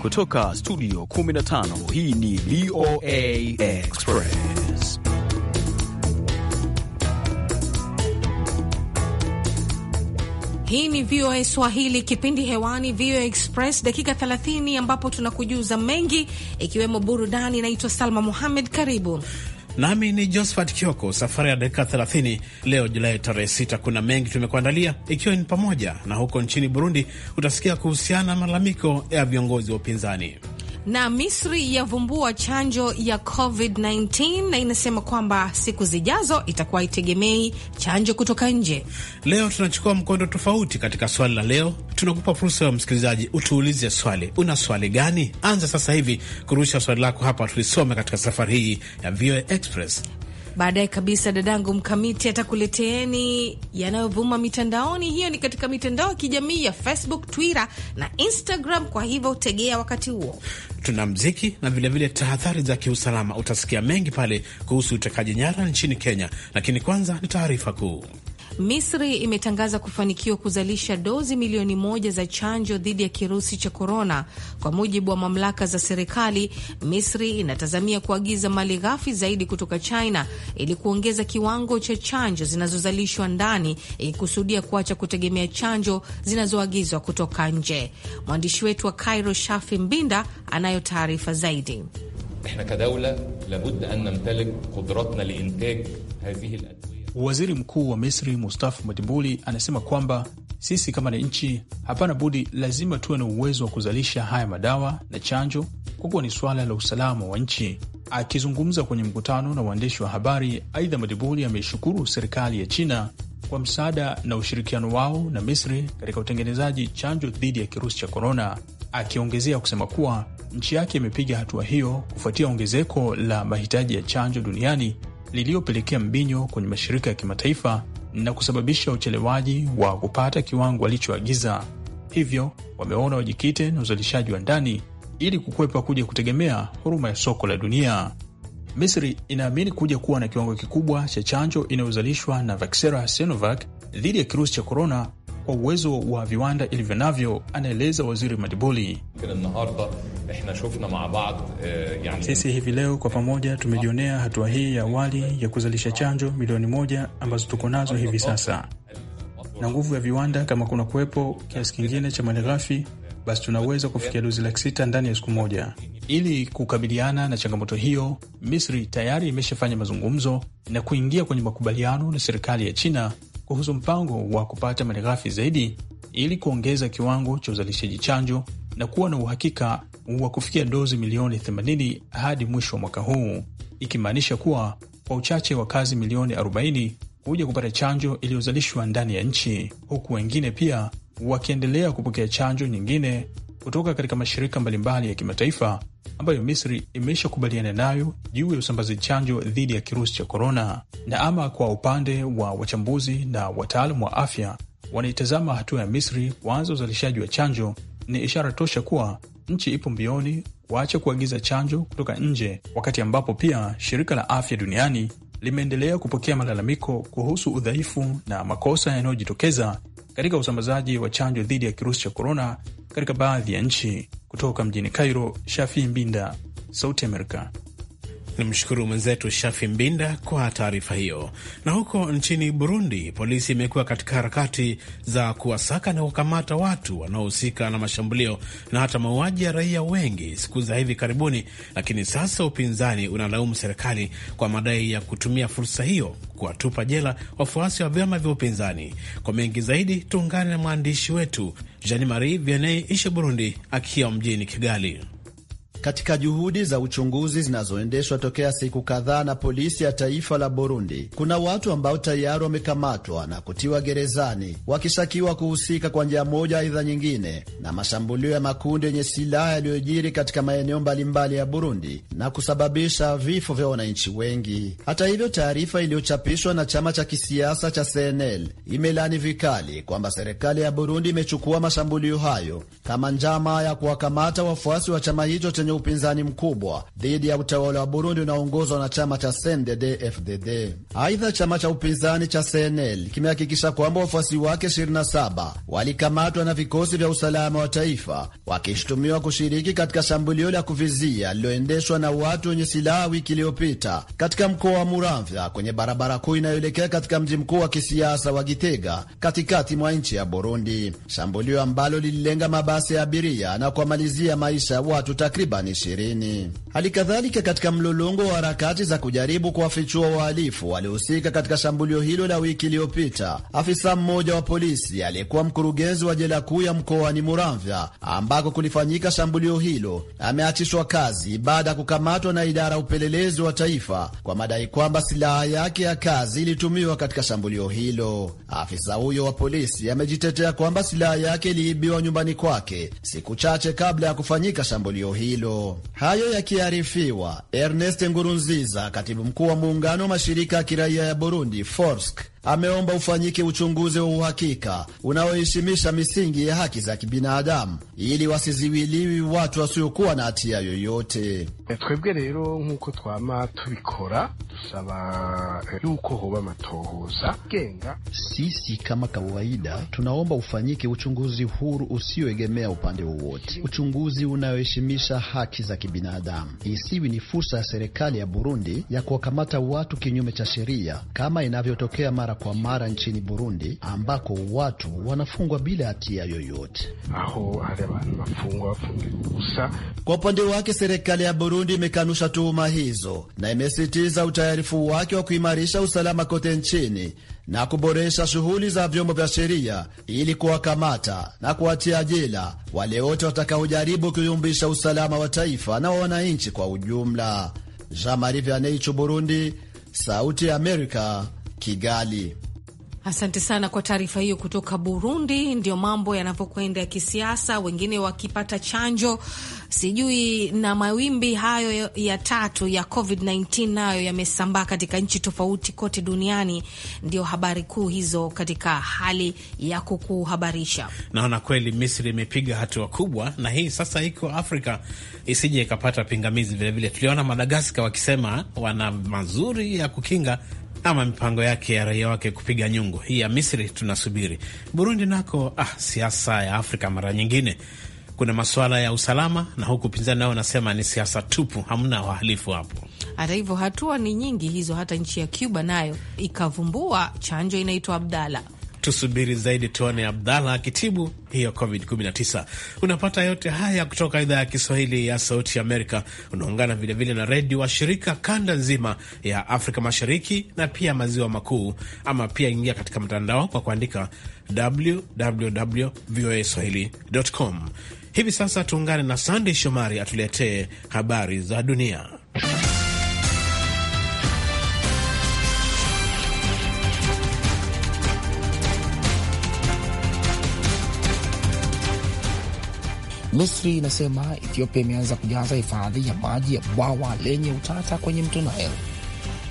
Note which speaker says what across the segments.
Speaker 1: Kutoka studio 15 hii ni VOA Express.
Speaker 2: Hii ni VOA Swahili, kipindi hewani VOA Express, dakika 30 ambapo tunakujuza mengi ikiwemo burudani. Inaitwa Salma Muhamed, karibu
Speaker 3: nami ni Josephat Kioko. Safari ya dakika 30 leo Julai tarehe 6, kuna mengi tumekuandalia, ikiwa ni pamoja na huko nchini Burundi utasikia kuhusiana na malalamiko ya viongozi wa upinzani
Speaker 2: na Misri yavumbua chanjo ya COVID-19 na inasema kwamba siku zijazo itakuwa itegemei chanjo kutoka nje.
Speaker 3: Leo tunachukua mkondo tofauti katika swali la leo. Tunakupa fursa ya msikilizaji utuulize swali. Una swali gani? Anza sasa hivi kurusha swali lako hapa tulisome katika safari hii ya VOA Express.
Speaker 2: Baadaye kabisa dadangu Mkamiti atakuleteeni yanayovuma mitandaoni. Hiyo ni katika mitandao ya kijamii ya Facebook, Twitter na Instagram, kwa hivyo tegea wakati huo.
Speaker 3: Tuna mziki na vilevile tahadhari za kiusalama. Utasikia mengi pale kuhusu utekaji nyara nchini Kenya, lakini kwanza ni taarifa kuu.
Speaker 2: Misri imetangaza kufanikiwa kuzalisha dozi milioni moja za chanjo dhidi ya kirusi cha korona. Kwa mujibu wa mamlaka za serikali, Misri inatazamia kuagiza mali ghafi zaidi kutoka China ili kuongeza kiwango cha chanjo zinazozalishwa ndani, ikikusudia kuacha kutegemea chanjo zinazoagizwa kutoka nje. Mwandishi wetu wa Cairo, Shafi Mbinda, anayo taarifa zaidi.
Speaker 1: kadaula an namtalik hazihi Waziri Mkuu wa Misri Mustafa Madibuli anasema kwamba sisi kama nchi hapana budi, lazima tuwe na uwezo wa kuzalisha haya madawa na chanjo, kwa kuwa ni suala la usalama wa nchi. Akizungumza kwenye mkutano na waandishi wa habari, aidha, Madibuli ameishukuru serikali ya China kwa msaada na ushirikiano wao na Misri katika utengenezaji chanjo dhidi ya kirusi cha korona, akiongezea kusema kuwa nchi yake imepiga hatua hiyo kufuatia ongezeko la mahitaji ya chanjo duniani liliyopelekea mbinyo kwenye mashirika ya kimataifa na kusababisha uchelewaji wa kupata kiwango walichoagiza. Hivyo wameona wajikite na uzalishaji wa ndani ili kukwepa kuja kutegemea huruma ya soko la dunia. Misri inaamini kuja kuwa na kiwango kikubwa cha chanjo inayozalishwa na Vaxera Sinovac dhidi ya kirusi cha korona kwa uwezo wa viwanda ilivyo navyo, anaeleza Waziri Madibuli. Eh, Sisi hivi leo kwa pamoja tumejionea hatua hii ya awali ya kuzalisha chanjo milioni moja ambazo tuko nazo hivi sasa, na nguvu ya viwanda. Kama kuna kuwepo kiasi kingine cha malighafi, basi tunaweza kufikia dozi laki sita ndani ya siku moja. Ili kukabiliana na changamoto hiyo, Misri tayari imeshafanya mazungumzo na kuingia kwenye makubaliano na serikali ya China kuhusu mpango wa kupata malighafi zaidi ili kuongeza kiwango cha uzalishaji chanjo na kuwa na uhakika wa kufikia dozi milioni 80 hadi mwisho wa mwaka huu, ikimaanisha kuwa kwa uchache wa kazi milioni 40 kuja kupata chanjo iliyozalishwa ndani ya nchi, huku wengine pia wakiendelea kupokea chanjo nyingine kutoka katika mashirika mbalimbali ya kimataifa ambayo Misri imeshakubaliana nayo juu ya usambazaji chanjo dhidi ya kirusi cha korona. Na ama kwa upande wa wachambuzi na wataalamu wa afya wanaitazama hatua ya Misri kuanza uzalishaji wa chanjo ni ishara tosha kuwa nchi ipo mbioni kuacha kuagiza chanjo kutoka nje, wakati ambapo pia shirika la afya duniani limeendelea kupokea malalamiko kuhusu udhaifu na makosa yanayojitokeza katika usambazaji wa chanjo dhidi ya kirusi cha korona
Speaker 3: katika baadhi ya nchi. Kutoka mjini Cairo, Shafii Mbinda, Sauti Amerika nimshukuru mwenzetu Shafi Mbinda kwa taarifa hiyo. Na huko nchini Burundi, polisi imekuwa katika harakati za kuwasaka na kukamata watu wanaohusika na mashambulio na hata mauaji ya raia wengi siku za hivi karibuni, lakini sasa upinzani unalaumu serikali kwa madai ya kutumia fursa hiyo kuwatupa jela wafuasi wa vyama vya upinzani. Kwa mengi zaidi, tuungane na mwandishi wetu Jean Marie Vianney Ishe Burundi akiwa mjini Kigali.
Speaker 4: Katika juhudi za uchunguzi zinazoendeshwa tokea siku kadhaa na polisi ya taifa la Burundi, kuna watu ambao tayari wamekamatwa na kutiwa gerezani wakishakiwa kuhusika kwa njia moja aidha nyingine na mashambulio ya makundi yenye silaha yaliyojiri katika maeneo mbalimbali ya Burundi na kusababisha vifo vya wananchi wengi. Hata hivyo, taarifa iliyochapishwa na chama cha kisiasa cha CNL imelani vikali kwamba serikali ya Burundi imechukua mashambulio hayo kama njama ya kuwakamata wafuasi wa chama hicho chenye kufanya upinzani mkubwa dhidi ya utawala wa Burundi unaoongozwa na chama cha CNDD-FDD. Aidha, chama cha upinzani cha CNL kimehakikisha kwamba wafuasi wake 27 walikamatwa na vikosi vya usalama wa taifa wakishutumiwa kushiriki katika shambulio la kuvizia lililoendeshwa na watu wenye silaha wiki iliyopita katika mkoa wa Muramvya kwenye barabara kuu inayoelekea katika mji mkuu wa kisiasa wa Gitega katikati mwa nchi ya Burundi, shambulio ambalo lililenga mabasi ya abiria na kuwamalizia maisha ya watu takriban takriban ishirini. Hali kadhalika katika mlolongo wa harakati za kujaribu kuwafichua wahalifu waliohusika katika shambulio hilo la wiki iliyopita, afisa mmoja wa polisi aliyekuwa mkurugenzi wa jela kuu ya mkoani Muramvya ambako kulifanyika shambulio hilo ameachishwa kazi baada ya kukamatwa na idara ya upelelezi wa taifa kwa madai kwamba silaha yake ya kazi ilitumiwa katika shambulio hilo. Afisa huyo wa polisi amejitetea kwamba silaha yake iliibiwa nyumbani kwake siku chache kabla ya kufanyika shambulio hilo hayo. Hayo yakiarifiwa, Ernest Ngurunziza, katibu mkuu wa muungano wa mashirika ya kiraia ya Burundi, Forsk, ameomba ufanyike uchunguzi wa uhakika unaoheshimisha misingi ya haki za kibinadamu ili wasiziwiliwi watu wasiokuwa na hatia yoyote. Eh, twebwe rero nk'uko twama tubikora dusaba eh, yuko hoba amatohoza genga. Sisi kama kawaida tunaomba ufanyike uchunguzi huru usioegemea upande wowote, uchunguzi unaoheshimisha haki za kibinadamu. Isiwi ni fursa ya serikali ya Burundi ya kuwakamata watu kinyume cha sheria kama inavyotokea mara mara kwa mara nchini Burundi ambako watu wanafungwa bila hatia yoyote. Kwa upande wake, serikali ya Burundi imekanusha tuhuma hizo na imesitiza utayarifu wake wa kuimarisha usalama kote nchini na kuboresha shughuli za vyombo vya sheria ili kuwakamata na kuwatia jela wale wote watakaojaribu kuyumbisha usalama wa taifa na wa wananchi kwa ujumla. Jean Marie Vianney, Burundi, Sauti ya Amerika, Kigali.
Speaker 2: Asante sana kwa taarifa hiyo kutoka Burundi. Ndio mambo yanavyokwenda ya kisiasa, wengine wakipata chanjo sijui, na mawimbi hayo ya tatu ya COVID-19 nayo yamesambaa katika nchi tofauti kote duniani. Ndio habari kuu hizo katika hali ya kukuhabarisha.
Speaker 3: Naona kweli Misri imepiga hatua kubwa, na hii sasa iko Afrika isije ikapata pingamizi vilevile. Tuliona Madagaskar wakisema wana mazuri ya kukinga ama mipango yake ya raia wake kupiga nyungu. Hii ya Misri tunasubiri. Burundi nako, ah, siasa ya Afrika mara nyingine kuna masuala ya usalama na huku pinzani nao unasema ni siasa tupu, hamna wahalifu
Speaker 2: hapo. Hata hivyo hatua ni nyingi hizo, hata nchi ya Cuba nayo ikavumbua chanjo inaitwa Abdala
Speaker 3: Tusubiri zaidi tuone Abdallah akitibu hiyo COVID-19. Unapata yote haya kutoka idhaa ya Kiswahili ya Sauti Amerika. Unaungana vilevile na redio wa shirika kanda nzima ya Afrika Mashariki na pia Maziwa Makuu, ama pia ingia katika mtandao kwa kuandika www voa swahili.com. Hivi sasa tuungane na Sandey Shomari atuletee habari za dunia.
Speaker 5: Misri inasema Ethiopia imeanza kujaza hifadhi ya maji ya bwawa lenye utata kwenye mto Nile.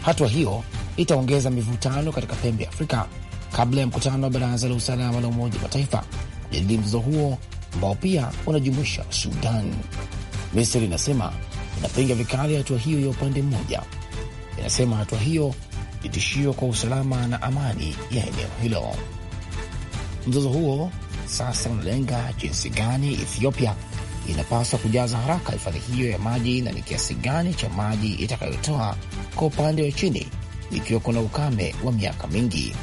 Speaker 5: Hatua hiyo itaongeza mivutano katika pembe ya Afrika kabla ya mkutano wa Baraza la Usalama la Umoja wa Mataifa kujadili mzozo huo ambao pia unajumuisha Sudan. Misri inasema inapinga vikali hatua hiyo ya upande mmoja. Inasema hatua hiyo ni tishio kwa usalama na amani ya eneo hilo. Mzozo huo sasa unalenga jinsi gani Ethiopia inapaswa kujaza haraka hifadhi hiyo ya maji na ni kiasi gani cha maji itakayotoa kwa upande wa chini ikiwa kuna ukame wa miaka mingi.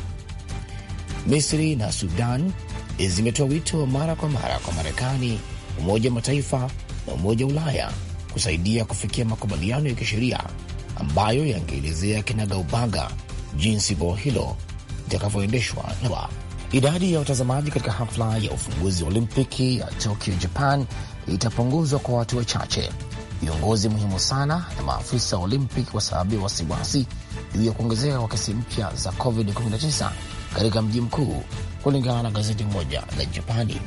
Speaker 5: Misri na Sudan zimetoa wito wa mara kwa mara kwa Marekani, Umoja wa Mataifa na Umoja wa Ulaya kusaidia kufikia makubaliano ya kisheria ambayo yangeelezea kinagaubaga jinsi bwawa hilo litakavyoendeshwa. Idadi ya watazamaji katika hafla ya ufunguzi wa Olimpiki ya Tokyo, Japan itapunguzwa kwa watu wachache. Viongozi muhimu sana na maafisa wa Olimpiki ya wasiwasi juu ya kuongezeka kwa kesi mpya za COVID-19 katika mji mkuu, kulingana na gazeti moja la Japani.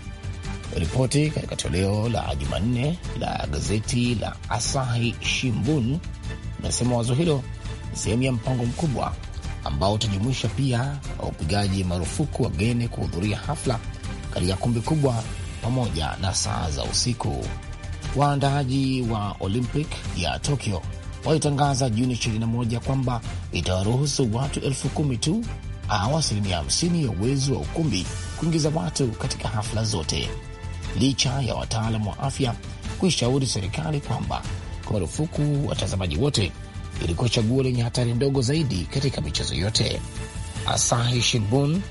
Speaker 5: Ripoti katika toleo la Jumanne la gazeti la Asahi Shimbun inasema wazo hilo ni sehemu ya mpango mkubwa ambao utajumuisha pia upigaji marufuku wageni kuhudhuria hafla katika kumbi kubwa pamoja na saa za usiku. Waandaaji wa Olympic ya Tokyo walitangaza Juni 21 kwamba itawaruhusu watu elfu kumi tu au asilimia 50 ya uwezo wa ukumbi kuingiza watu katika hafla zote, licha ya wataalam wa afya kuishauri serikali kwamba kwa marufuku watazamaji wote ilikuwa chaguo lenye hatari ndogo zaidi katika michezo yote. Asahi Shinbun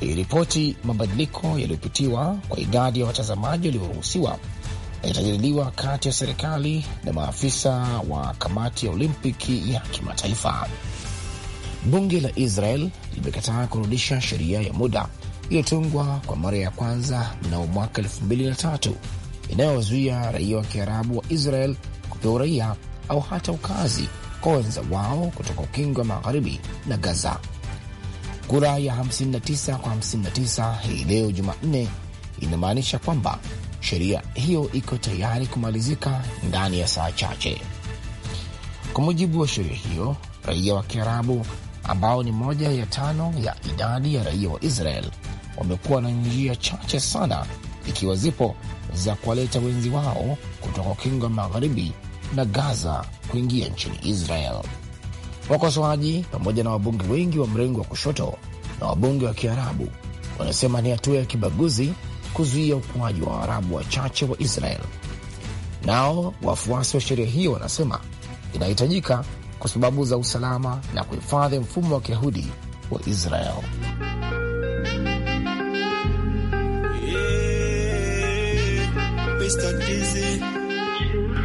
Speaker 5: iliripoti mabadiliko yaliyopitiwa kwa idadi ya watazamaji walioruhusiwa yatajadiliwa kati ya serikali na maafisa wa kamati ya Olimpiki ya kimataifa. Bunge la Israel limekataa kurudisha sheria ya muda iliyotungwa kwa mara ya kwanza mnamo mwaka elfu mbili na tatu inayowazuia raia wa Kiarabu wa Israel kupewa uraia au hata ukazi kwa wenza wao kutoka ukingo wa magharibi na Gaza. Kura ya 59 kwa 59 hii leo Jumanne inamaanisha kwamba sheria hiyo iko tayari kumalizika ndani ya saa chache. Kwa mujibu wa sheria hiyo, raia wa Kiarabu ambao ni moja ya tano ya idadi ya raia wa Israel wamekuwa na njia chache sana, ikiwa zipo, za kuwaleta wenzi wao kutoka ukingo wa magharibi na Gaza kuingia nchini Israel. Wakosoaji pamoja na wabunge wengi wa mrengo wa kushoto na wabunge wa Kiarabu wanasema ni hatua ya kibaguzi kuzuia ukuaji wa Waarabu wachache wa Israel. Nao wafuasi wa sheria hiyo wanasema inahitajika kwa sababu za usalama na kuhifadhi mfumo wa kiyahudi wa Israel.
Speaker 6: Yeah,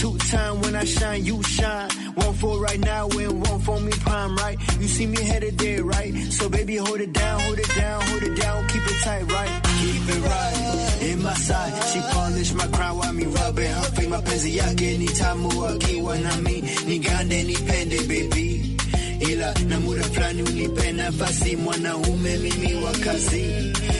Speaker 7: Two time when I shine, you shine. One for right now and one for me prime, right? You see me headed there, right? So baby, hold it down, hold it down, hold it down, keep it tight, right? Keep it right in my side. She polish my crown while me rubbing her face. Mapenzi keep ni tamu akiwa Ni mi, ni pende, baby ila na muda fulani fasi nafasi, mwanaume mimi wakasi.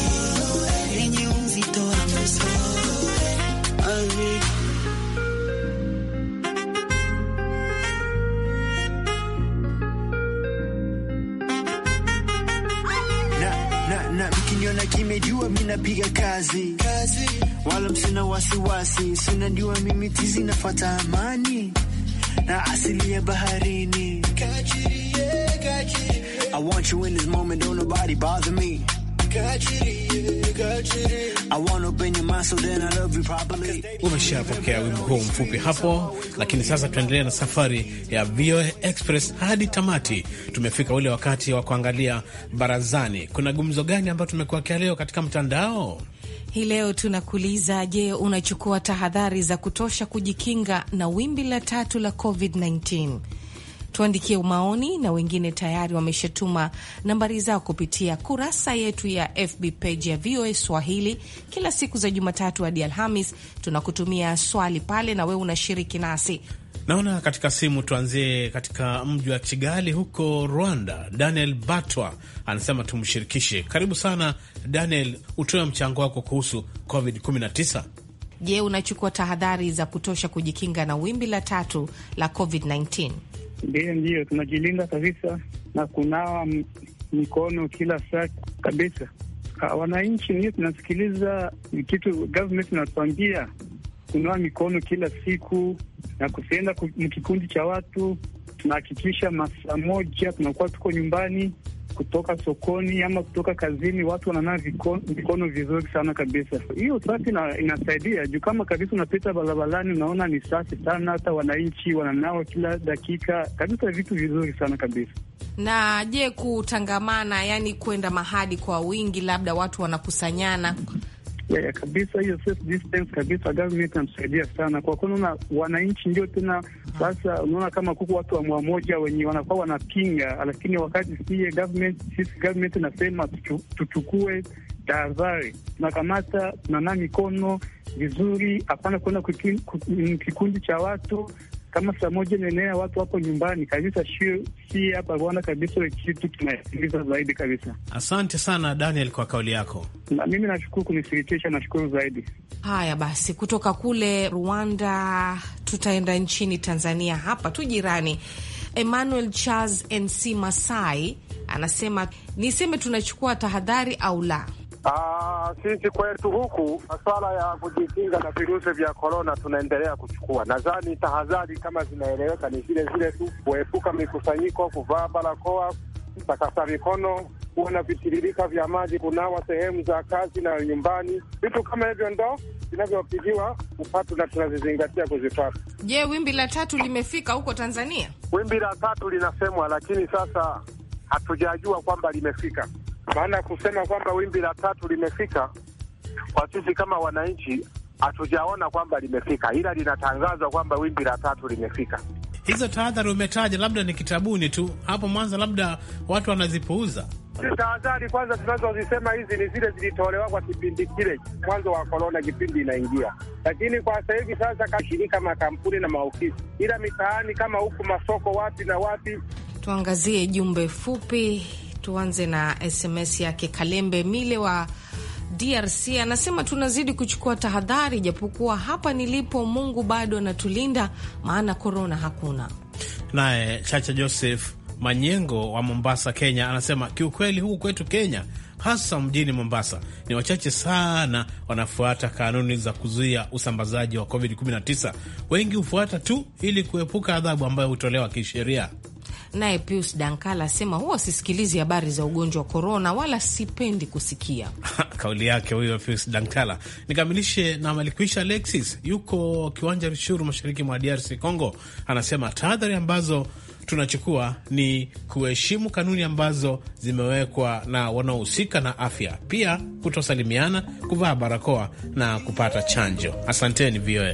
Speaker 7: nimejua mimi napiga kazi, kazi, wala msina wasiwasi, sinajua mimi tizi nafuata amani na asili ya baharini. Kachirie, kachirie. I want you in this moment, don't nobody bother me
Speaker 3: Umeshapokea wimbo huu mfupi hapo, lakini sasa tuendelee na safari ya VOA Express hadi tamati. Tumefika ule wakati wa kuangalia barazani, kuna gumzo gani ambayo tumekuwekea leo katika mtandao
Speaker 2: hii leo tunakuuliza, je, unachukua tahadhari za kutosha kujikinga na wimbi la tatu la COVID-19? tuandikie maoni, na wengine tayari wameshatuma nambari zao kupitia kurasa yetu ya FB page ya VOA Swahili. Kila siku za Jumatatu hadi Alhamis tunakutumia swali pale, na wewe unashiriki nasi.
Speaker 3: Naona katika simu, tuanzie katika mji wa Kigali huko Rwanda. Daniel Batwa anasema tumshirikishe. Karibu sana Daniel, utoe mchango wako kuhusu COVID-19.
Speaker 2: Je, unachukua tahadhari za kutosha kujikinga na wimbi la tatu la COVID-19?
Speaker 8: Ndiyo, ndiyo, tunajilinda kabisa na kunawa mikono kila saa kabisa. Wananchi ndio tunasikiliza kitu government inatuambia, kunawa mikono kila siku na kusienda mkikundi cha watu tunahakikisha masaa moja tunakuwa tuko nyumbani kutoka sokoni ama kutoka kazini, watu wananawa mikono vizuri sana kabisa. Hiyo usafi inasaidia juu, kama kabisa unapita barabarani unaona ni safi sana, hata wananchi wananawa kila dakika kabisa, vitu vizuri sana kabisa.
Speaker 2: Na je, kutangamana, yani kwenda mahali kwa wingi, labda watu wanakusanyana
Speaker 8: ya, ya kabisa hiyo safe distance kabisa, government inamsaidia sana kwa kuwa unaona wananchi ndio tena sasa, unaona kama kuku watu wa mmoja wenye wanakuwa wanapinga, lakini wakati sie government, sisi government nasema tuchukue tahadhari, tunakamata tunanaa mikono vizuri, hapana kwenda kikundi cha watu kama saa moja nenea watu wako nyumbani kabisa, si hapa Rwanda kabisa, kitu tunasikiliza zaidi kabisa.
Speaker 3: Asante sana Daniel kwa kauli yako, na mimi nashukuru
Speaker 8: kunisikitisha nashukuru zaidi.
Speaker 2: Haya basi, kutoka kule Rwanda tutaenda nchini Tanzania, hapa tu jirani. Emmanuel Charles Nc Masai anasema niseme tunachukua tahadhari au la?
Speaker 8: Aa, ah, sisi kwetu huku masuala ya kujikinga na virusi vya korona tunaendelea kuchukua. Nadhani tahadhari kama zinaeleweka ni zile zile tu, kuepuka mikusanyiko, kuvaa barakoa, kutakasa mikono, kuwa na vitiririka vya maji, kunawa sehemu za kazi na nyumbani. Vitu kama hivyo ndo vinavyopigiwa upatu na tunazizingatia kuzipata.
Speaker 2: Je, wimbi la tatu limefika huko Tanzania?
Speaker 8: Wimbi la tatu linasemwa, lakini sasa hatujajua kwamba limefika maana kusema kwamba wimbi la tatu limefika, kwa sisi kama wananchi hatujaona kwamba limefika, ila linatangazwa kwamba wimbi la tatu limefika.
Speaker 3: Hizo tahadhari umetaja labda ni kitabuni tu hapo Mwanza, labda watu wanazipuuza.
Speaker 8: Tahadhari kwanza tunazozisema hizi ni zile zilitolewa kwa kipindi kile mwanzo wa korona, kipindi inaingia, lakini kwa sasa hivi sasa kashirika makampuni na maofisi, ila mitaani kama huku masoko, wapi na wapi.
Speaker 2: Tuangazie jumbe fupi Tuanze na SMS yake Kalembe Mile wa DRC anasema tunazidi kuchukua tahadhari, japokuwa hapa nilipo Mungu bado anatulinda, maana korona hakuna.
Speaker 3: Naye Chacha Joseph Manyengo wa Mombasa, Kenya anasema kiukweli, huku kwetu Kenya, hasa mjini Mombasa, ni wachache sana wanafuata kanuni za kuzuia usambazaji wa COVID-19. Wengi hufuata tu ili kuepuka adhabu ambayo hutolewa kisheria.
Speaker 2: Naye Pius Dankala asema huwa sisikilizi habari za ugonjwa wa korona, wala sipendi kusikia.
Speaker 3: Kauli yake huyo Pius Dankala. Nikamilishe na Malikuisha Alexis, yuko kiwanja Rushuru, mashariki mwa DRC Congo, anasema tahadhari ambazo tunachukua ni kuheshimu kanuni ambazo zimewekwa na wanaohusika na afya, pia kutosalimiana, kuvaa barakoa na kupata chanjo. Asanteni VOA.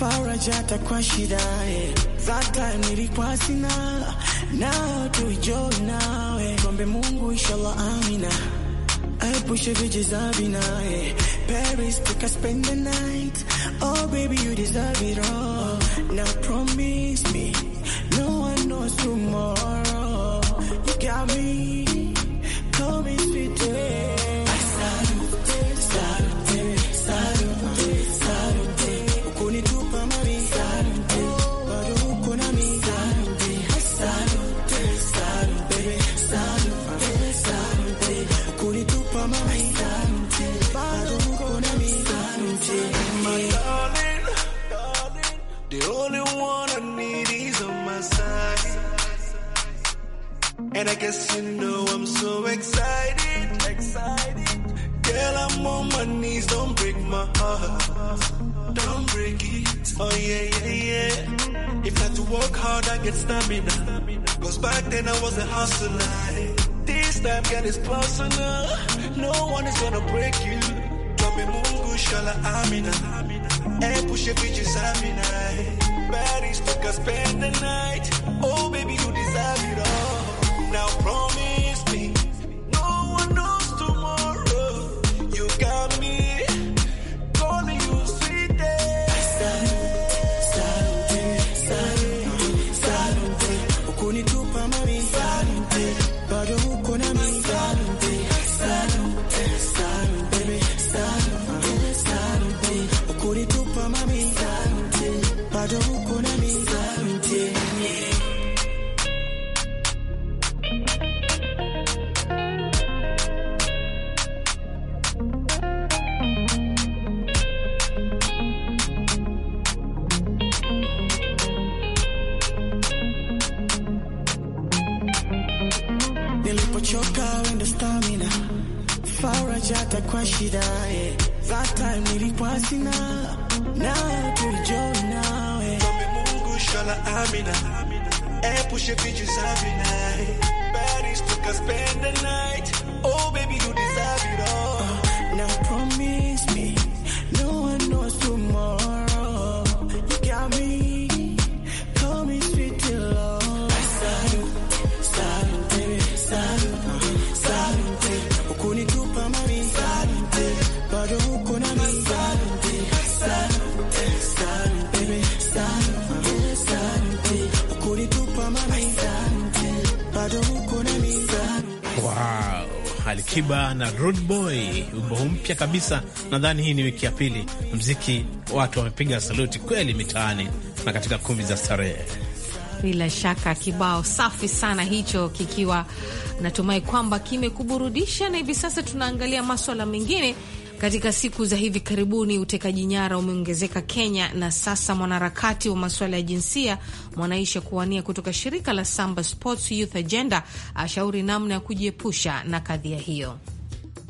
Speaker 6: faraja hata kwa shida eh. Zata nilikuwa sina nao tujo nawe kombe Mungu inshallah amina aepushe vijizabina eh. Paris tika spend the night oh baby you deserve it all now promise me no one knows tomorrow you got me call me sweet day And I guess you know I'm so excited, excited. Girl, I'm on my knees, don't break my heart. Don't break it. Oh yeah, yeah, yeah. If I had to work hard, I get stamina. Cause back then I was a hustler. This time, girl, it's personal. No one is gonna break you. Tume Mungu shala amina. And push your bitches amina. Baddies took us spend the night. Oh baby, you nilipata kwa shida eh. That time nilikuwa sina na tulijona nawe Tombe Mungu shala amina Epushe vitu za vinai Paris took us spend the night Oh baby you deserve it all oh, now
Speaker 3: Wow, Alikiba na Rude Boy, wimbo mpya kabisa. Nadhani hii ni wiki ya pili mziki, watu wamepiga saluti kweli mitaani na katika kumbi za starehe.
Speaker 2: Bila shaka kibao safi sana hicho, kikiwa natumai kwamba kimekuburudisha, na hivi sasa tunaangalia maswala mengine katika siku za hivi karibuni utekaji nyara umeongezeka Kenya, na sasa mwanaharakati wa masuala ya jinsia mwanaisha kuwania kutoka shirika la Samba Sports Youth Agenda ashauri namna ya kujiepusha na kadhia hiyo.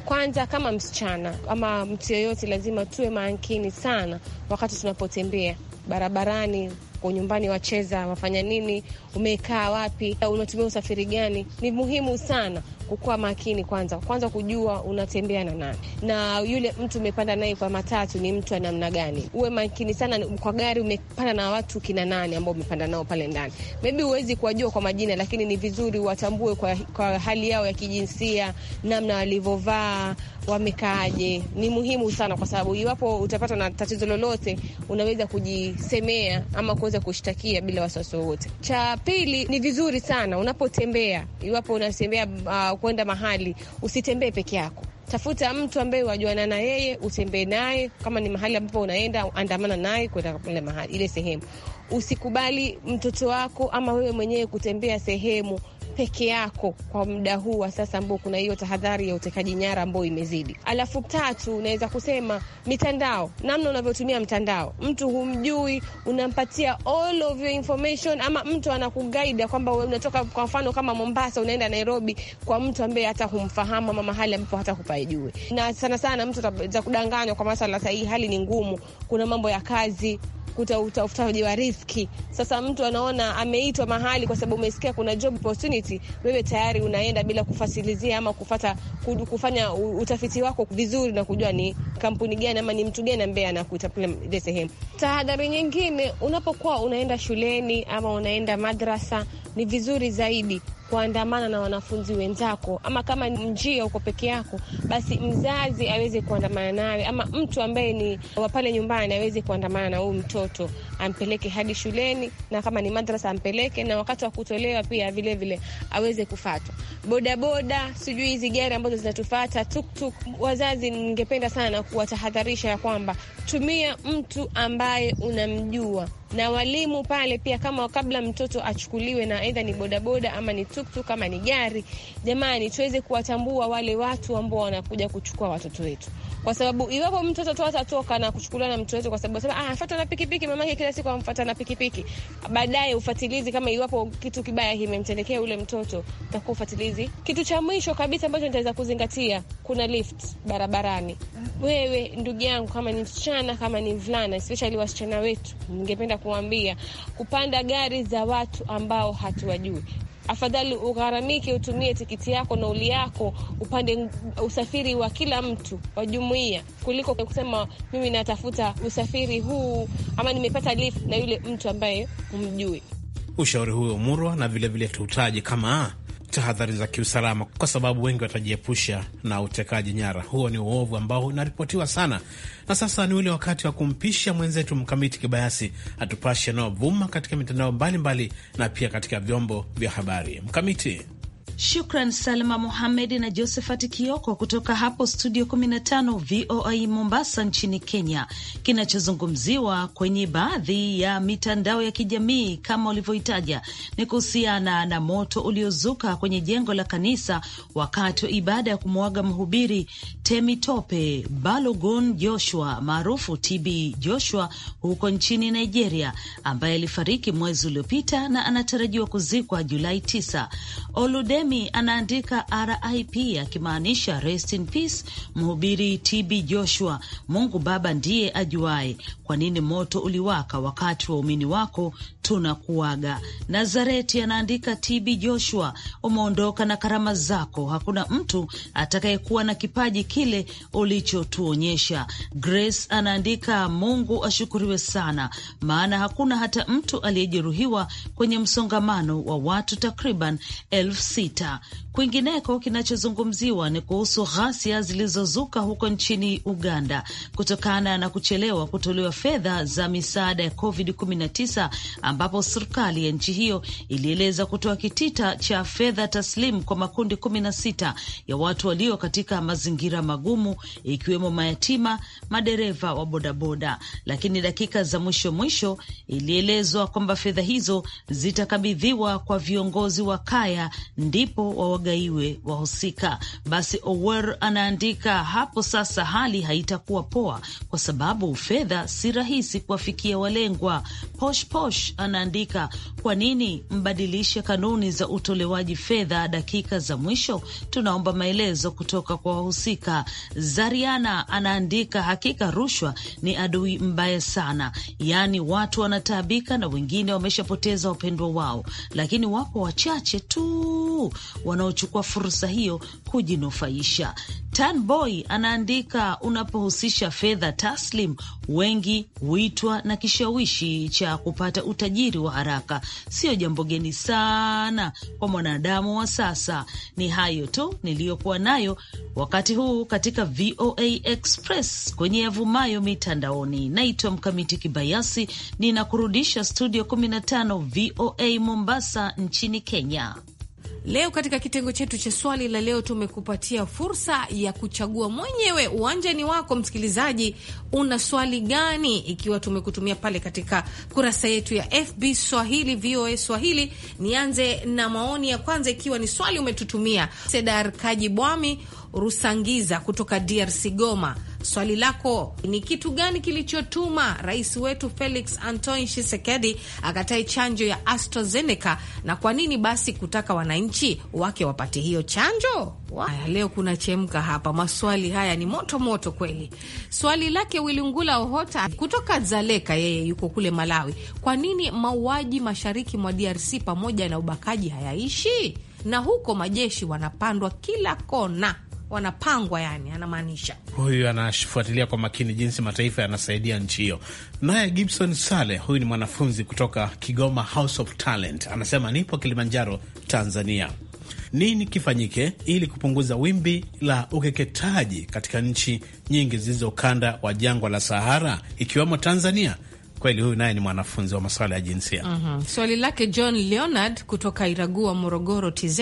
Speaker 9: Kwanza kama msichana ama mtu yeyote, lazima tuwe makini sana wakati tunapotembea barabarani kwa nyumbani, wacheza wafanya nini, umekaa wapi, unatumia usafiri gani, ni muhimu sana kukuwa makini kwanza, kwanza kujua unatembea na nani na yule mtu umepanda naye kwa matatu ni mtu wa namna gani. Uwe makini sana kwa gari umepanda na watu kina nani ambao umepanda nao pale ndani. Maybe huwezi kuwajua kwa majina, lakini ni vizuri watambue kwa, kwa hali yao ya kijinsia, namna walivyovaa wamekaaje ni muhimu sana, kwa sababu iwapo utapata na tatizo lolote unaweza kujisemea ama kuweza kushtakia bila wasiwasi wowote. Cha pili ni vizuri sana unapotembea, iwapo unatembea uh, kwenda mahali, usitembee peke yako. Tafuta mtu ambaye wajuana na yeye, utembee naye. Kama ni mahali ambapo unaenda, andamana naye kwenda ile mahali, ile sehemu. Usikubali mtoto wako ama wewe mwenyewe kutembea sehemu peke yako kwa muda huu wa sasa ambao kuna hiyo tahadhari ya utekaji nyara ambao imezidi. Alafu tatu, unaweza kusema mitandao, namna unavyotumia mtandao. Mtu humjui, unampatia all of your information, ama mtu anakugaida kwamba unatoka kwa mfano kama Mombasa unaenda Nairobi kwa mtu ambaye hata humfahamu ama mahali ambapo hata hupajui, na sana sana mtu kudanganywa kwa masala sahihi. Hali ni ngumu, kuna mambo ya kazi unakuta utafutaji wa riski. Sasa mtu anaona ameitwa mahali kwa sababu umesikia kuna job opportunity, wewe tayari unaenda bila kufasilizia ama kufata, kufanya utafiti wako vizuri na kujua ni kampuni gani ama ni mtu gani ambaye anakuita kule ile sehemu. Tahadhari nyingine, unapokuwa unaenda shuleni ama unaenda madrasa, ni vizuri zaidi kuandamana na wanafunzi wenzako, ama kama njia uko peke yako, basi mzazi aweze kuandamana nawe, ama mtu ambaye ni wa pale nyumbani aweze kuandamana na huyu mtoto, ampeleke hadi shuleni, na kama ni madrasa ampeleke, na wakati wa kutolewa pia vilevile vile, aweze kufatwa bodaboda, sijui hizi gari ambazo zinatufata tuktuk. Wazazi, ningependa sana kuwatahadharisha ya kwamba tumia mtu ambaye unamjua na walimu pale pia, kama kabla mtoto achukuliwe na aidha ni bodaboda ama ni tuktuk ama ni gari, jamani, tuweze kuwatambua wale watu ambao wanakuja kuchukua watoto wetu, kwa sababu iwapo mtoto tu atatoka na kuchukuliwa na mtu wetu, kwa sababu sasa anafuata ah, na pikipiki, mamake kila siku amfuata na pikipiki, baadaye ufatilizi kama iwapo kitu kibaya kimemtendekea ule mtoto, utakuwa ufatilizi. Kitu cha mwisho kabisa ambacho nitaweza kuzingatia, kuna lift barabarani. Wewe ndugu yangu, kama ni msichana, kama ni mvulana, especially wasichana wetu, ningependa kuambia kupanda gari za watu ambao hatuwajui afadhali ugharamike, utumie tikiti yako nauli yako, upande usafiri wa kila mtu wa jumuiya, kuliko kusema mimi natafuta usafiri huu ama nimepata lift na yule mtu ambaye humjui.
Speaker 3: Ushauri huyo murwa na vilevile tuutaji kama tahadhari za kiusalama, kwa sababu wengi watajiepusha na utekaji nyara. Huo ni uovu ambao unaripotiwa sana, na sasa ni ule wakati wa kumpisha mwenzetu Mkamiti Kibayasi atupashe anaovuma katika mitandao mbalimbali na pia katika vyombo vya habari. Mkamiti.
Speaker 10: Shukran Salma Mohamed na Josephat Kioko kutoka hapo studio 15 VOA Mombasa nchini Kenya, kinachozungumziwa kwenye baadhi ya mitandao ya kijamii kama ulivyohitaja ni kuhusiana na moto uliozuka kwenye jengo la kanisa wakati wa ibada ya kumwaga mhubiri Temitope Balogun Joshua maarufu TB Joshua huko nchini Nigeria, ambaye alifariki mwezi uliopita na anatarajiwa kuzikwa Julai 9. Oludem Amy anaandika RIP akimaanisha rest in peace, mhubiri TB Joshua. Mungu Baba ndiye ajuaye kwa nini moto uliwaka wakati waumini wako tunakuaga. Nazareti anaandika TB Joshua, umeondoka na karama zako, hakuna mtu atakayekuwa na kipaji kile ulichotuonyesha. Grace anaandika Mungu ashukuriwe sana, maana hakuna hata mtu aliyejeruhiwa kwenye msongamano wa watu takriban elfu sita vita. Kwingineko, kinachozungumziwa ni kuhusu ghasia zilizozuka huko nchini Uganda kutokana na kuchelewa kutolewa fedha za misaada ya COVID-19 ambapo serikali ya nchi hiyo ilieleza kutoa kitita cha fedha taslimu kwa makundi 16 ya watu walio katika mazingira magumu ikiwemo mayatima, madereva wa bodaboda, lakini dakika za mwisho mwisho ilielezwa kwamba fedha hizo zitakabidhiwa kwa viongozi wa kaya ndipo ndipo wawagaiwe wahusika. Basi Ower anaandika hapo sasa, hali haitakuwa poa kwa sababu fedha si rahisi kuwafikia walengwa. Posh Posh anaandika kwa nini mbadilishe kanuni za utolewaji fedha dakika za mwisho? Tunaomba maelezo kutoka kwa wahusika. Zariana anaandika hakika rushwa ni adui mbaya sana, yaani watu wanataabika na wengine wameshapoteza wapendwa wao, lakini wapo wachache tu wanaochukua fursa hiyo kujinufaisha. Tanboy anaandika, unapohusisha fedha taslim, wengi huitwa na kishawishi cha kupata utajiri wa haraka. Sio jambo geni sana kwa mwanadamu wa sasa. Ni hayo tu niliyokuwa nayo wakati huu katika VOA Express kwenye yavumayo mitandaoni. Naitwa Mkamiti Kibayasi, ninakurudisha studio 15 VOA Mombasa nchini Kenya. Leo katika kitengo chetu cha swali la leo tumekupatia
Speaker 2: fursa ya kuchagua mwenyewe. Uwanja ni wako, msikilizaji, una swali gani? Ikiwa tumekutumia pale katika kurasa yetu ya FB Swahili VOA Swahili. Nianze na maoni ya kwanza, ikiwa ni swali umetutumia Sedar Kaji Bwami Rusangiza kutoka DRC Goma. Swali lako ni kitu gani kilichotuma rais wetu Felix Antoine Tshisekedi akatae chanjo ya AstraZeneca na kwa nini basi kutaka wananchi wake wapate hiyo chanjo? Haya, leo kuna chemka hapa, maswali haya ni moto moto kweli. Swali lake Wilungula Ohota kutoka Zaleka, yeye yuko kule Malawi. Kwa nini mauaji mashariki mwa DRC pamoja na ubakaji hayaishi, na huko majeshi wanapandwa kila kona? wanapangwa, yani anamaanisha
Speaker 3: huyu anafuatilia kwa makini jinsi mataifa yanasaidia nchi hiyo. Naye Gibson Sale, huyu ni mwanafunzi kutoka Kigoma House of Talent, anasema nipo Kilimanjaro, Tanzania. Nini kifanyike ili kupunguza wimbi la ukeketaji katika nchi nyingi zilizokanda wa jangwa la Sahara ikiwemo Tanzania? kweli huyu naye ni mwanafunzi wa masuala ya jinsia.
Speaker 2: mm -hmm. Swali lake John Leonard kutoka Iragua, Morogoro, TZ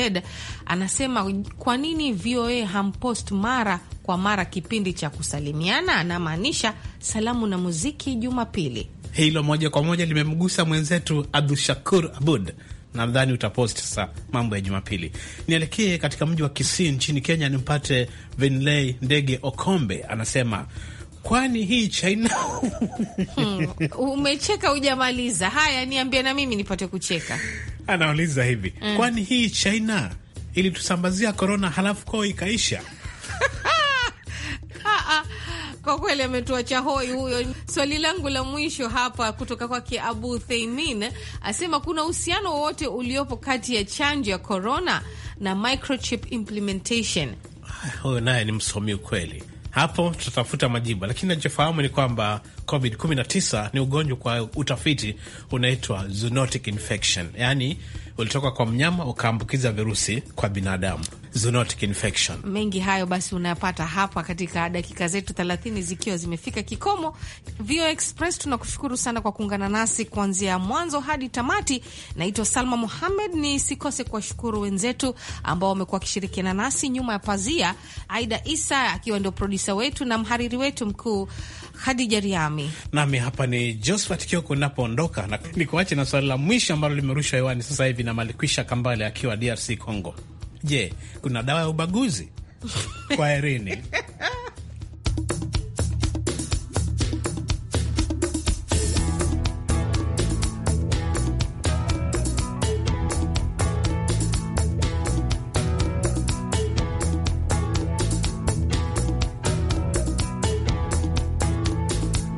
Speaker 2: anasema kwa nini VOA hampost mara kwa mara kipindi cha kusalimiana, anamaanisha salamu na muziki Jumapili.
Speaker 3: Hilo moja kwa moja limemgusa mwenzetu Abdushakur Abud. Nadhani utapost sasa mambo ya Jumapili. Nielekee katika mji wa Kisii nchini Kenya, nimpate Vinley Ndege Okombe, anasema kwani hii China? Hmm,
Speaker 2: umecheka ujamaliza Haya, niambie na mimi nipate kucheka.
Speaker 3: Anauliza hivi hmm. kwani hii China ilitusambazia korona halafu koo ikaisha?
Speaker 2: Ah, ah. Kwa kweli ametuacha hoi huyo. Swali langu la mwisho hapa kutoka kwake Abu Theimin asema kuna uhusiano wowote uliopo kati ya chanjo ya korona na microchip implementation?
Speaker 3: Ah, huyo naye ni msomi ukweli. Hapo tutatafuta majibu, lakini nachofahamu ni kwamba COVID 19 ni ugonjwa kwa utafiti unaitwa zoonotic infection, yaani ulitoka kwa mnyama ukaambukiza virusi kwa binadamu zoonotic infection.
Speaker 2: Mengi hayo basi unayapata hapa katika dakika zetu 30 zikiwa zimefika kikomo. VO Express tunakushukuru sana kwa kuungana nasi kuanzia mwanzo hadi tamati. Naitwa Salma Muhamed, ni sikose kuwashukuru wenzetu ambao wamekuwa wakishirikiana nasi nyuma ya pazia, Aida Isa akiwa ndio produsa wetu na mhariri wetu mkuu Hadija Riami,
Speaker 3: nami hapa ni Josphat Kioko. Napoondoka na nikuache na swali la mwisho ambalo limerushwa hewani sasa hivi na Malikwisha Kambale akiwa DRC Congo. Je, kuna dawa ya ubaguzi? Kwaherini.